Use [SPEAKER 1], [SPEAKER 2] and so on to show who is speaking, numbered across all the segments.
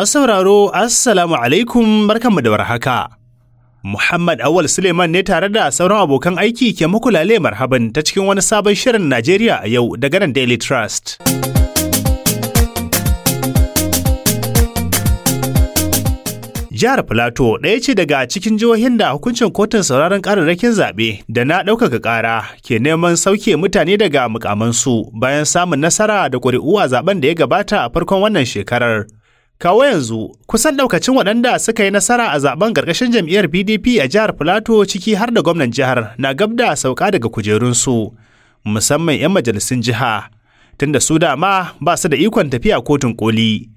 [SPEAKER 1] Masu sauraro, Assalamu alaikum barkanmu da warhaka. Muhammad Awal Suleiman ne tare da sauran abokan aiki ke makulale marhaban ta cikin wani sabon shirin Najeriya a yau daga nan Daily Trust. Jihar Filato ɗaya ce daga cikin jihohin da hukuncin kotun sauraron ƙararrakin zaɓe da na ɗaukaka ƙara ke neman sauke mutane daga mukamansu bayan samun nasara da ƙuri'u a zaben da ya gabata a farkon wannan shekarar. Kawo yanzu, kusan daukacin waɗanda suka yi nasara a zaben ƙarƙashin jam'iyyar PDP a jihar Filato ciki har da gwamnan jihar na gab da sauka daga kujerunsu, musamman 'yan majalisun jiha, tunda su dama ba su da ikon tafiya kotun koli.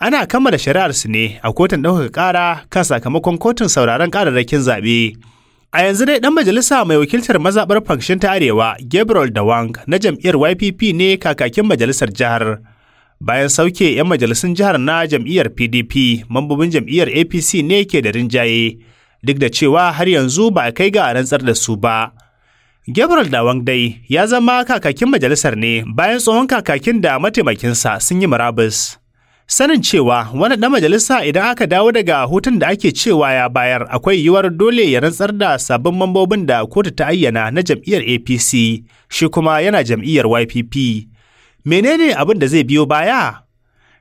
[SPEAKER 1] Ana kammala shari'ar su ne a kotun ɗaukaka ƙara kan sakamakon kotun sauraron ƙararrakin zaɓe. A yanzu dai ɗan majalisa mai wakiltar mazaɓar fanshin ta Arewa, Gabriel Dawang na jam'iyyar YPP ne kakakin majalisar jihar. bayan sauke 'yan majalisun jihar na jam'iyyar PDP mambobin jam'iyyar APC ne ke da rinjaye duk da cewa har yanzu ba a kai ga rantsar da su ba. Gabriel Dawang dai ya zama kakakin majalisar ne bayan tsohon kakakin da mataimakinsa sun yi murabus. sanin cewa wani ɗan majalisa idan aka dawo daga hutun da ake cewa ya bayar akwai yiwuwar dole ya rantsar da sabbin mambobin da kotu ta ayyana na jam'iyyar apc shi kuma yana jam'iyyar ypp menene abin da zai biyo baya?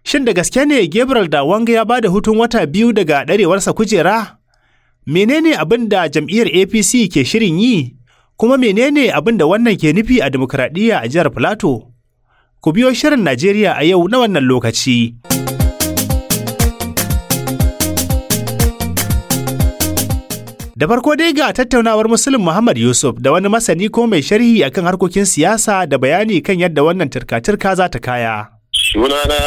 [SPEAKER 1] Shin da gaske ne Gabriel da Wanga ya ba da hutun wata biyu daga ɗarewarsa kujera? Menene abin da jam'iyyar APC ke shirin yi? Kuma menene abin da wannan ke nufi a dimokuraɗiyya a jihar Filato? Ku biyo shirin Najeriya a yau na wannan lokaci. Da farko dai ga tattaunawar Muslim Muhammad Yusuf da wani masani ko mai sharhi akan harkokin siyasa da bayani kan yadda wannan turka-turka za ta kaya.
[SPEAKER 2] Sunana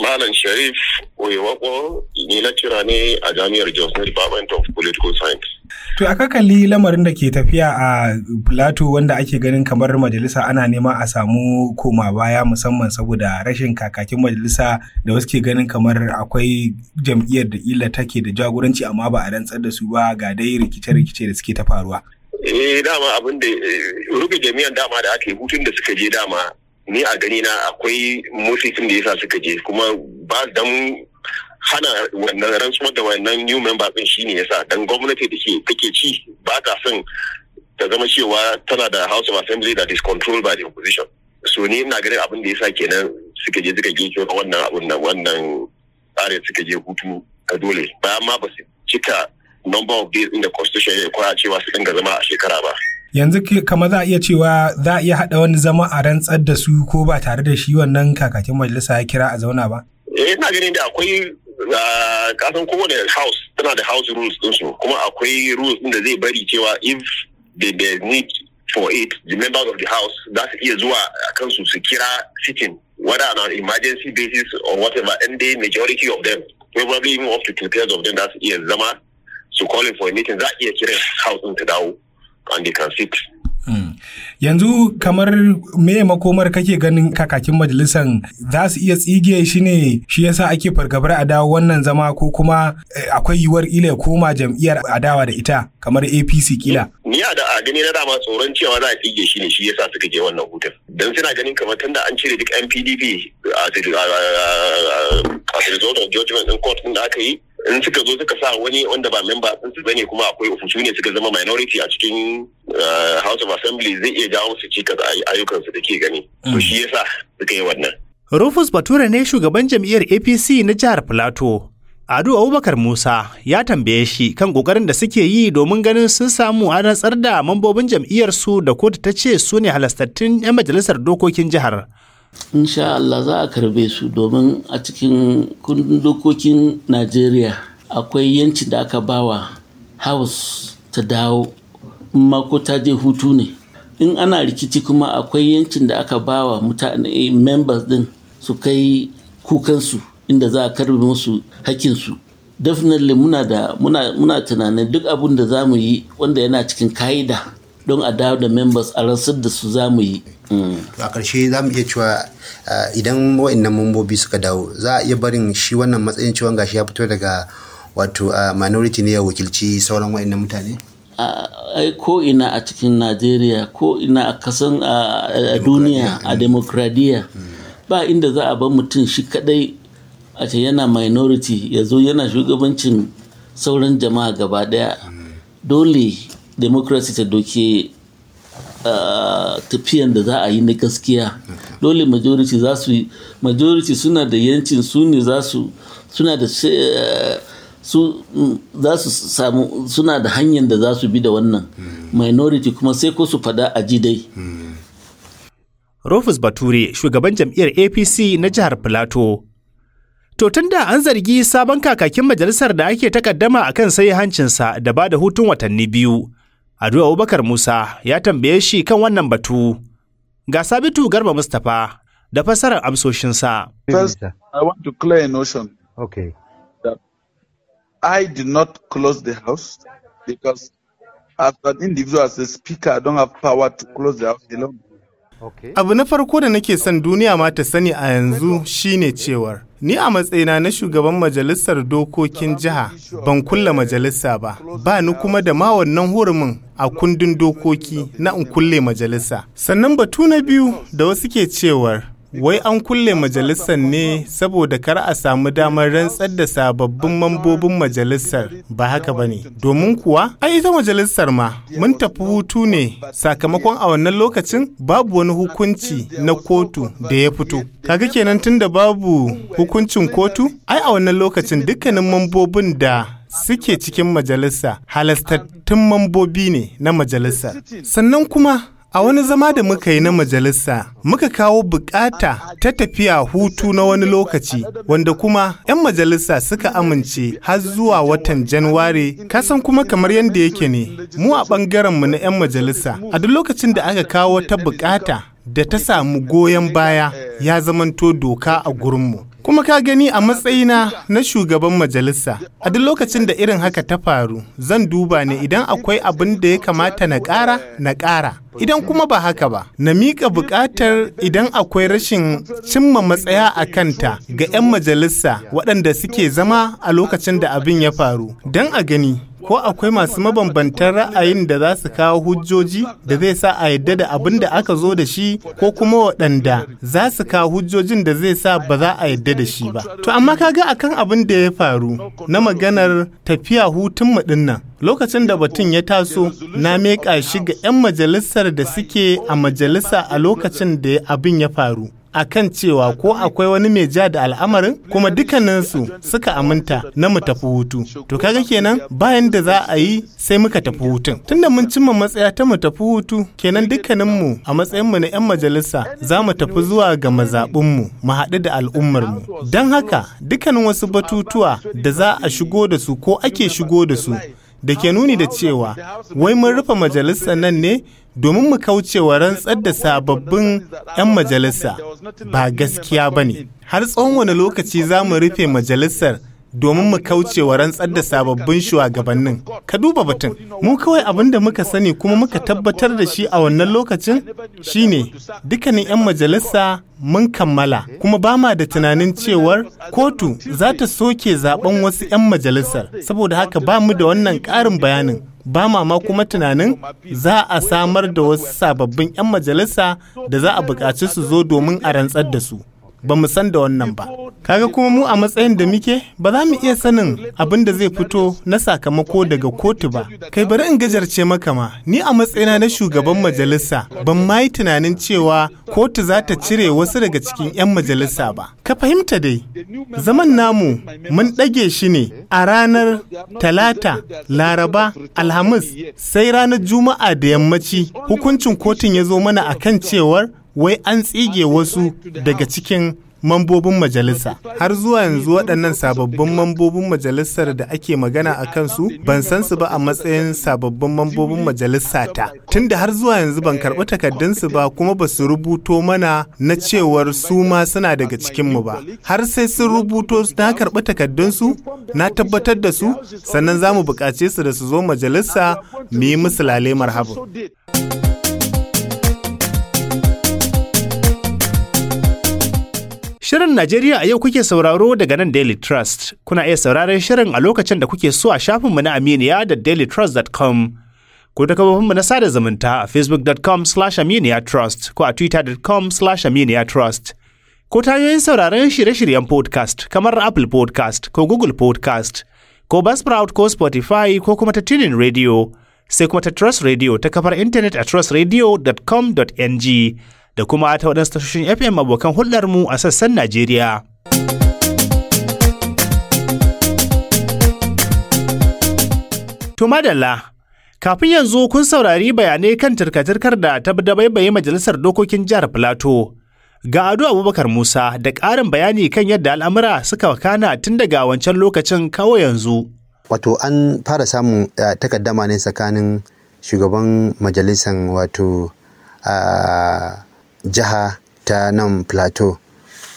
[SPEAKER 2] Malam Sharif Oyewako ni kira ne a Jami'ar Jos Department of Political Science.
[SPEAKER 3] To a kalli lamarin da ke tafiya a Plato wanda ake ganin kamar majalisa ana nema a samu koma baya musamman saboda rashin kakakin majalisa da wasu ke ganin kamar akwai jam'iyyar da ila take da jagoranci amma ba a rantsar da su ba ga dai rikice-rikice da suke ta faruwa.
[SPEAKER 2] Eh dama abin da eh, rufe jami'an dama da ake hutun da suka je dama ni a gani na akwai motsisin da yasa suka je kuma ba dan hana wannan rantsuwar da wannan new member din shine yasa dan gwamnati da ke take ci ba ta son ta zama cewa tana da house of assembly that is controlled by the opposition so ne ina ganin abin da yasa kenan suka je suka gece wannan abun nan wannan tsarin suka je hutu ka dole bayan ma ba su cika number of days in the constitution ya kwaya cewa su dinga zama a shekara ba
[SPEAKER 3] yanzu kamar za a iya cewa za a iya haɗa wani zama a rantsar da su ko ba tare da shi wannan kakakin majalisa ya kira a zauna ba
[SPEAKER 2] eh ina ganin da akwai kasan kowane house tana da house rules su kuma akwai rules ɗin da zai bari cewa if the need for it the members of the house za su iya zuwa kansu su kira sitting whether on an emergency basis or whatever and the majority of them probably even up to two thirds of them za su iya zama su calling for a meeting za a iya kiran house ɗin ta dawo and they can sit
[SPEAKER 3] yanzu kamar me makomar kake ganin kakakin majalisan za su iya tsige shi ne shi yasa ake fargabar a dawo wannan zama ko kuma akwai yiwuwar ila koma jam'iyyar adawa da ita kamar apc kila
[SPEAKER 2] ni a da gani na dama tsoron cewa za a tsige shi ne shi yasa suka je wannan hutun don suna ganin kamar tun da an cire duk npdp a result of judgment in court din da aka yi in suka zo suka sa wani wanda ba memba sun su zane kuma akwai ofisu ne suka zama minority a cikin eh, house of assembly zai iya jawo su da ayyukansu da ke gani to hmm. shi yasa suka yi wannan
[SPEAKER 1] Rufus Bature ne shugaban jam'iyyar APC na jihar Plateau. Ado Abubakar Musa ya tambaye shi kan kokarin da suke yi domin ganin sun samu a rantsar da mambobin jam'iyyar su da kotu ta ce su ne halastattun 'yan
[SPEAKER 4] majalisar dokokin jihar. in sha Allah za a karbe su domin a cikin kundin dokokin Najeriya akwai yancin da aka bawa House ta dawo mako ta je hutu ne. In ana rikici kuma akwai yancin da aka bawa mutane eh, members din su kai kukansu inda za a karbe musu hakinsu. Definitely muna da muna, tunanin duk abin da za mu yi wanda yana cikin ka'ida don a dawo da members a rasar da su za mu yi
[SPEAKER 5] mm. a ƙarshe za mu iya cewa idan wa'annan mambobi suka dawo za a iya barin shi wannan matsayin ciwon gashi ya fito daga wato minority ne ya wakilci sauran wa'annan
[SPEAKER 4] mutane ai ko ina a cikin najeriya ko ina a kasan a duniya a demokradiyya ba inda za a bar mutum shi kadai a ce yana minority ya zo yana shugabancin sauran jama'a gaba daya mm. dole democracy ta doke ah, tafiyan da za a yi na gaskiya dole majority za su majority suna da yancin su ne za su suna da eh, su mm, za su samu suna da hanyar da za su bi da wannan hmm. minority kuma sai ko su fada a ji dai hmm. Rufus Bature shugaban jam'iyyar APC na jihar Filato To
[SPEAKER 1] tun da an zargi sabon kakakin majalisar da ake takaddama a kan sai hancinsa da ba da hutun watanni biyu, Ado Abubakar Musa ya tambaye shi kan wannan batu. Ga Sabitu Garba Mustapha da fassarar amsoshinsa. First,
[SPEAKER 4] I want to clear a notion. Okay. That I did not close the house because as an individual, as a speaker, I don't have power to close the house alone. Okay. Abu
[SPEAKER 3] na farko da nake son duniya ma ta sani a yanzu shine cewar ni a matsayina na shugaban majalisar dokokin jiha ban kulla majalisa ba ba ni kuma da ma wannan hurumin a kundin dokoki na in kulle majalisa. Sannan batu na biyu da wasu ke cewar wai an kulle majalisar ne saboda kar a samu damar rantsar da sababbin mambobin majalisar ba haka ba ne domin kuwa ai ita majalisar ma mun tafi hutu ne sakamakon a wannan lokacin babu wani hukunci na kotu da ya fito kaga kenan tunda babu hukuncin kotu ai a wannan lokacin dukkanin mambobin da suke cikin majalisa halastattun mambobi ne na majalisa. Sannan kuma a wani zama da muka yi na majalisa muka kawo bukata ta tafiya hutu na wani lokaci wanda kuma 'yan majalisa suka amince har zuwa watan Januware kasan kuma kamar yadda yake ne mu a mu na 'yan majalisa a duk lokacin da aka kawo ta bukata da ta samu goyon baya ya zamanto doka a gurinmu kuma ka gani a matsayina na shugaban majalisa a duk lokacin da irin haka ta faru zan duba ne idan akwai abin da ya kamata na ƙara na ƙara idan kuma ba haka ba na miƙa buƙatar idan akwai rashin cimma matsaya a kanta ga 'yan majalisa waɗanda suke zama a lokacin da abin ya faru don a gani ko akwai masu mabambantan ra'ayin da za su kawo hujjoji da zai sa a yadda da abin da aka zo da shi ko kuma waɗanda za su kawo hujjojin da zai sa ba za a yadda da shi ba to amma ka ga akan abin da ya faru na maganar tafiya hutun ɗinnan. nan. lokacin da batun ya taso na meƙa shi ga 'yan majalisar da suke a majalisa a lokacin da abin ya faru a kan cewa ko akwai wani mai ja da al'amarin kuma dukkaninsu suka aminta na mu tafi hutu to kaga kenan bayan da za a yi sai muka tafi hutun tunda mun cimma matsaya ta mu tafi hutu kenan dukkaninmu a matsayinmu na 'yan majalisa za mu tafi zuwa ga mazaɓinmu mu haɗu da al'ummarmu don haka dukkanin wasu batutuwa da za a shigo da su ko ake shigo da su da ke nuni da cewa wai mun rufe majalisa nan ne domin mu kauce wa rantsar da sababbin 'yan majalisa ba gaskiya ba ne har tsawon wani lokaci za mu rufe majalisar domin mu kauce wa rantsar da sababbin shugabannin. Ka duba batun, mu kawai abin da muka sani kuma muka tabbatar da shi a wannan lokacin shine dukkanin 'yan majalisa mun kammala kuma ba ma da tunanin cewar kotu za ta soke zaben wasu 'yan majalisar saboda haka ba mu da wannan ƙarin bayanin ba ma kuma tunanin za a samar da wasu sababbin 'yan majalisa da za a buƙaci su zo domin a rantsar da su ba mu san da wannan ba kaga kuma mu a matsayin da muke ba za mu iya sanin abin da zai fito na sakamako daga kotu ba kai bari in gajarce maka ma ni a matsayina na shugaban majalisa ban ma yi tunanin cewa kotu za ta cire wasu daga cikin 'yan majalisa ba ka fahimta dai zaman namu mun ɗage shi ne a ranar talata laraba alhamis sai ranar juma'a da yammaci hukuncin kotun ya zo mana akan cewar wai an tsige wasu daga cikin mambobin majalisa har zuwa yanzu waɗannan sababbin mambobin majalisar da ake magana a kansu ban san su ba a matsayin sababbin mambobin majalisa ta tunda har zuwa yanzu ban karɓi takardunsu ba kuma ba su rubuto mana na cewar su ma suna daga cikinmu ba har sai sun rubuto na karɓi takardunsu na tabbatar da su sannan za mu buƙace su da su zo majalisa mu yi musu lale marhaban.
[SPEAKER 1] Shirin Najeriya a yau kuke sauraro daga nan Daily Trust. Kuna iya sauraron shirin a lokacin da kuke so a shafinmu na Aminiya da dailytrust.com. Ko ta mu na sada zumunta a facebook.com slash aminiyatrust ko a twitter.com slash aminiyatrust. Ko ta hanyoyin sauraron shirye-shiryen podcast kamar Apple podcast ko Google podcast ko Buzzsprout ko Spotify ko kuma ta tunin radio sai kuma ta Trust Radio ta kafar intanet a trustradio.com.ng da kuma ta waɗansu tashoshin FM abokan hulɗarmu a sassan Najeriya. Tumadala kafin yanzu kun saurari bayanai kan turka da ta dabaibaye Majalisar Dokokin Jihar Filato. Ga Ado Abubakar Musa da ƙarin bayani kan yadda al'amura suka kana
[SPEAKER 5] tun daga wancan lokacin kawo yanzu. Wato an fara samun eh, takaddama ne tsakanin shugaban majalisan wato ah, jiha ta nan plateau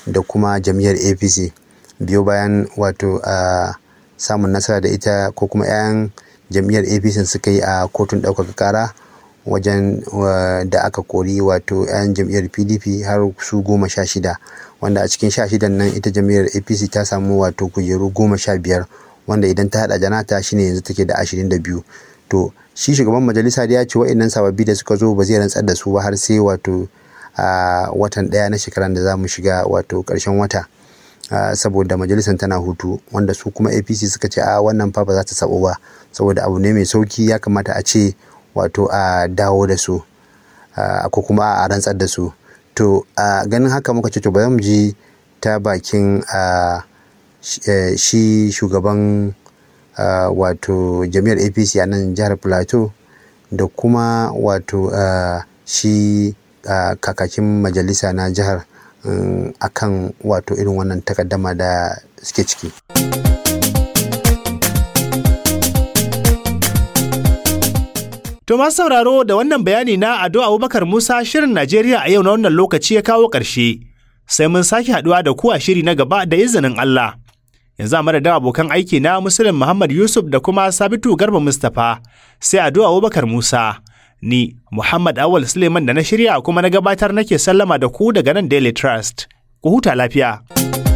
[SPEAKER 5] da kuma jam'iyyar apc biyo bayan wato a samun nasara da ita ko kuma 'ya'yan jam'iyyar apc suka yi a kotun ɗaukaka kara wajen da aka kori wato 'yan jam'iyyar pdp har su goma sha shida wanda a cikin sha shidan nan ita jam'iyyar apc ta samu wato kujeru goma sha biyar wanda idan ta haɗa janata shine yanzu take da ashirin da biyu to shi shugaban majalisa da ya ce wa'annan sababbi da suka zo ba zai rantsar da su ba har sai wato a watan ɗaya na shekaran da za mu shiga wato karshen wata saboda majalisar tana hutu wanda su kuma apc suka ce a wannan fa ba za ta sabo ba saboda abu ne mai sauki ya kamata a ce wato a dawo da su ko kuma a rantsar da su to a ganin haka muka ce to ba mu ji ta bakin e, shi shugaban wato jami'ar apc a nan jihar plateau da kuma wato shi kakakin majalisa na jihar um, akan wato irin wannan takaddama da suke ciki.
[SPEAKER 1] To sauraro da wannan bayani na Ado Abubakar Musa shirin Najeriya a yau na wannan lokaci ya kawo ƙarshe. Sai mun sake haɗuwa da ku a shiri na gaba da izinin Allah. Yanzu a da abokan aiki na Musulun Muhammad Yusuf da kuma Sabitu Garba Mustapha sai Ado Abubakar Musa. Ni Muhammad Awal Suleiman da na shirya kuma na gabatar nake sallama da ku daga nan Daily Trust. Ku huta lafiya.